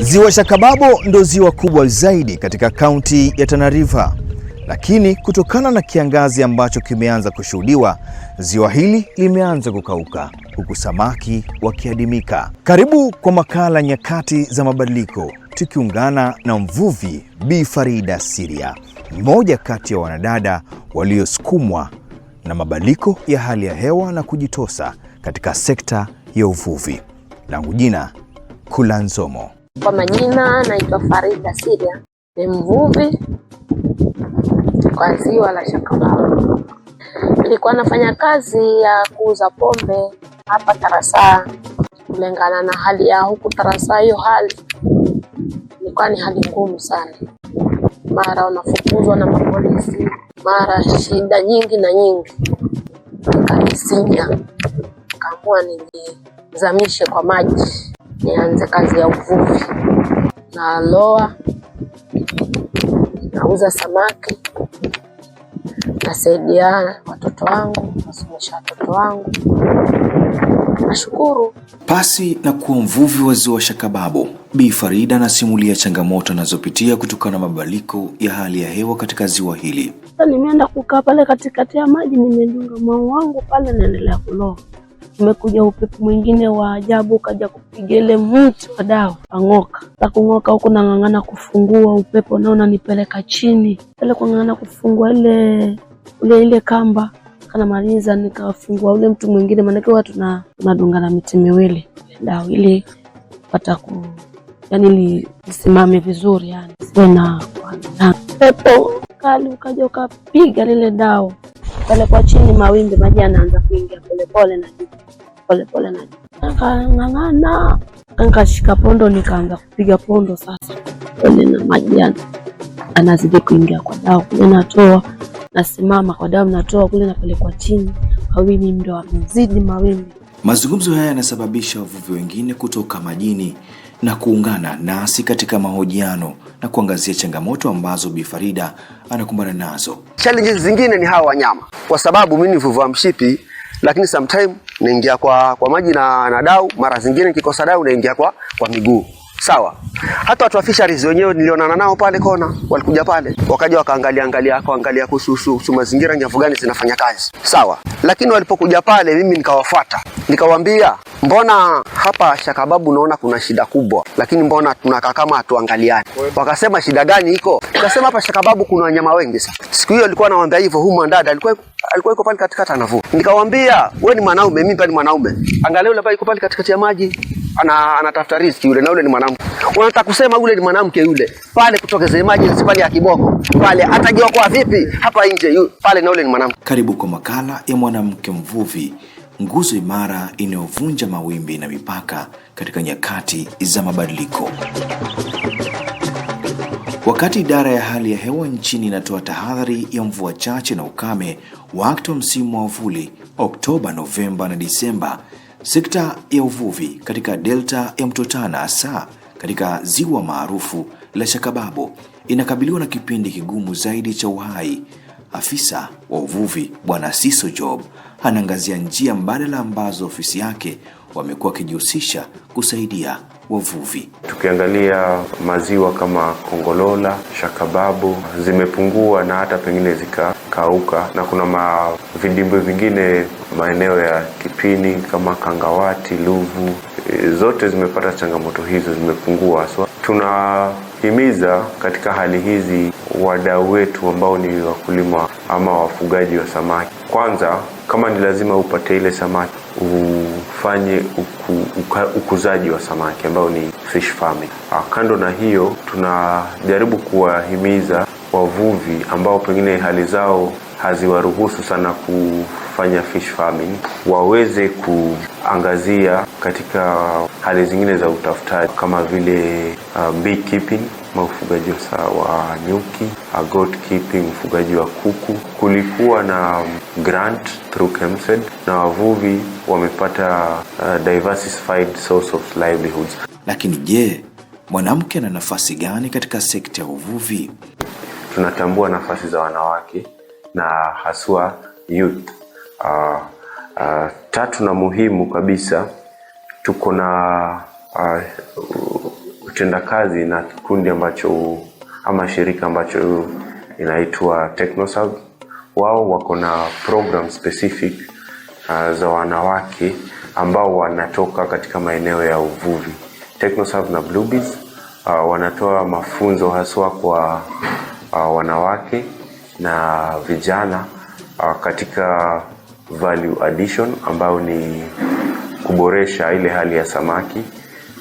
Ziwa Shakababo ndo ziwa kubwa zaidi katika kaunti ya Tana River, lakini kutokana na kiangazi ambacho kimeanza kushuhudiwa, ziwa hili limeanza kukauka huku samaki wakiadimika. Karibu kwa makala Nyakati za Mabadiliko, tukiungana na mvuvi Bi Farida Siria, mmoja kati ya wanadada waliosukumwa na mabadiliko ya hali ya hewa na kujitosa katika sekta ya uvuvi. Langu jina Kulanzomo. Kwa majina naitwa Farida Sidia, ni mvuvi kwa ziwa la Shakamawe. Nilikuwa nafanya kazi ya kuuza pombe hapa Tarasaa. Kulingana na hali ya huku Tarasaa, hiyo hali ilikuwa ni hali ngumu sana, mara unafukuzwa na mapolisi, mara shida nyingi na nyingi. Nikanisinya, nikaamua nijizamishe kwa maji nianze kazi ya uvuvi. Naloa, nauza samaki, nasaidia watoto wangu, nasomesha watoto wangu. Nashukuru. Pasi na kuwa mvuvi wa ziwa Shakababu, Bi Farida anasimulia changamoto anazopitia kutokana na mabadiliko ya hali ya hewa katika ziwa hili. Nimeenda kukaa pale katikati ya maji, nimedunga mwau wangu pale, naendelea kuloa umekuja upepo mwingine wa ajabu ukaja kupiga ile mtu dawa ang'oka za kung'oka huku nang'ang'ana kufungua upepo nao nipeleka chini pale kung'ang'ana kufungua ile ile ile kamba kanamaliza nikafungua ule mtu mwingine, maanake huwa tuna tunadungana miti miwili dawa ili pata ku yani lisimame vizuri, yani siwe na pepo kali ukaja ukapiga lile dao pale kwa chini, mawimbi maji yanaanza kuingia polepole na polepole na nikang'ang'ana, pondo, nikaanza kupiga pondo. Sasa pole na maji anazidi kuingia kwa dawa kule, natoa nasimama kwa dawa, natoa kule, napelekwa chini, mawimbi ndo amezidi mawimbi. Mazungumzo haya yanasababisha wavuvi wengine kutoka majini na kuungana nasi katika mahojiano na kuangazia changamoto ambazo Bi Farida anakumbana nazo. Challenges zingine ni hawa wanyama, kwa sababu mimi ni mvuvi wa mshipi lakini sometime naingia kwa, kwa maji na, na dau. Mara zingine nikikosa dau naingia kwa, kwa miguu sawa. Hata watu wa fisheries wenyewe nilionana nao pale kona, walikuja pale wakaja wakaangalia angalia akaangalia kuhusu mazingira nyavu gani zinafanya kazi sawa, lakini walipokuja pale mimi nikawafuata Nikawambia, mbona hapa Shakababu naona kuna shida kubwa, lakini mbona tunakaa kama hatuangaliani? Wakasema shida gani iko? Kasema hapa Shakababu kuna wanyama wengi sana. Siku hiyo alikuwa anawaambia hivyo, huyu mwandada alikuwa alikuwa yuko pale katikati anavua. Nikawambia, wewe ni mwanaume, mimi pia ni mwanaume, angalia yule pale yuko pale katikati ya maji ana anatafuta riziki yule, na yule ni mwanamke. Unataka kusema yule ni mwanamke yule pale kutokezea emergency pale ya kiboko pale, atajiokoa vipi hapa nje? Yule pale na yule ni mwanamke. Karibu kwa makala ya mwanamke mvuvi nguzo imara inayovunja mawimbi na mipaka katika nyakati za mabadiliko. Wakati idara ya hali ya hewa nchini inatoa tahadhari ya mvua chache na ukame wakati wa msimu wa vuli Oktoba, Novemba na Disemba, sekta ya uvuvi katika delta ya mto Tana, hasa katika ziwa maarufu la Shakababo, inakabiliwa na kipindi kigumu zaidi cha uhai. Afisa wa uvuvi Bwana Siso Job anaangazia njia mbadala ambazo ofisi yake wamekuwa wakijihusisha kusaidia wavuvi. Tukiangalia maziwa kama kongolola, shakababu zimepungua na hata pengine zikakauka, na kuna mavidimbwi vingine maeneo ya Kipini kama Kangawati, Luvu, e, zote zimepata changamoto hizo, zimepungua. So, tunahimiza katika hali hizi wadau wetu ambao ni wakulima ama wafugaji wa samaki kwanza kama ni lazima upate ile samaki, ufanye uku, uka, ukuzaji wa samaki ambao ni fish farming. Ah, kando na hiyo, tunajaribu kuwahimiza wavuvi ambao pengine hali zao haziwaruhusu sana kufanya fish farming waweze kuangazia katika hali zingine za utafutaji kama vile uh, beekeeping ufugaji wa nyuki, a goat keeping, ufugaji wa kuku. Kulikuwa na grant through KEMSED na wavuvi wamepata uh, diversified source of livelihoods. Lakini je, mwanamke ana nafasi gani katika sekta ya uvuvi? Tunatambua nafasi za wanawake na haswa youth. Uh, uh, tatu na muhimu kabisa tuko na uh, kutenda kazi na kikundi ambacho ama shirika ambacho inaitwa TechnoSub. Wao wako na program specific uh, za wanawake ambao wanatoka katika maeneo ya uvuvi. TechnoSub na Bluebees uh, wanatoa mafunzo haswa kwa uh, wanawake na vijana uh, katika value addition ambayo ni kuboresha ile hali ya samaki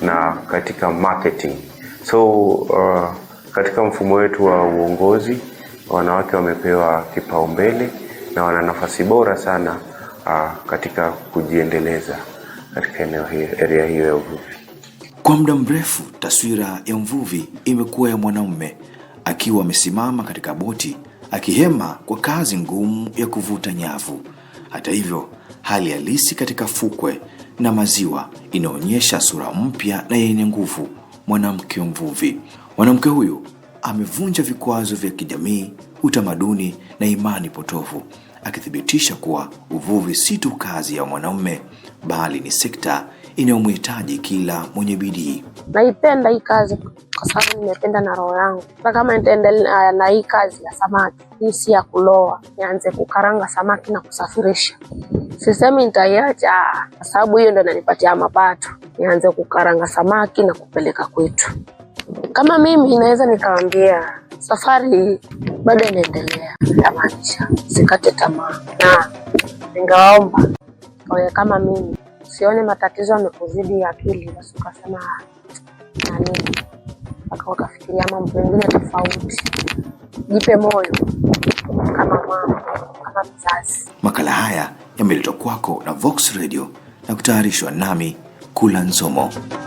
na katika marketing. So uh, katika mfumo wetu wa uongozi wanawake wamepewa kipaumbele na wana nafasi bora sana uh, katika kujiendeleza katika eneo hiyo, area hiyo ya uvuvi. Kwa muda mrefu taswira ya mvuvi imekuwa ya mwanaume akiwa amesimama katika boti akihema kwa kazi ngumu ya kuvuta nyavu. Hata hivyo, hali halisi katika fukwe na maziwa inaonyesha sura mpya na yenye nguvu, mwanamke mvuvi. Mwanamke huyu amevunja vikwazo vya kijamii, utamaduni na imani potofu, akithibitisha kuwa uvuvi si tu kazi ya mwanaume bali ni sekta inayomhitaji kila mwenye bidii. Naipenda hii kazi kwa sababu nimependa na roho yangu. Hata kama nitaendelea na hii kazi ya samaki, hii si ya kuloa, nianze kukaranga samaki na kusafirisha Sisemi nitaiacha kwa sababu hiyo ndo nanipatia mapato, nianze kukaranga samaki na kupeleka kwetu. Kama mimi naweza nikawambia safari bado inaendelea, namaanisha sikate tamaa, na ningewaomba kawe kama mimi, sione matatizo yamekuzidi akili, basi ukasema nani, aka ukafikiria mambo mengine tofauti. Jipe moyo kama mama, kama mzazi. Makala haya yameletwa kwako na Vox Radio na kutayarishwa nami Kula Nzomo.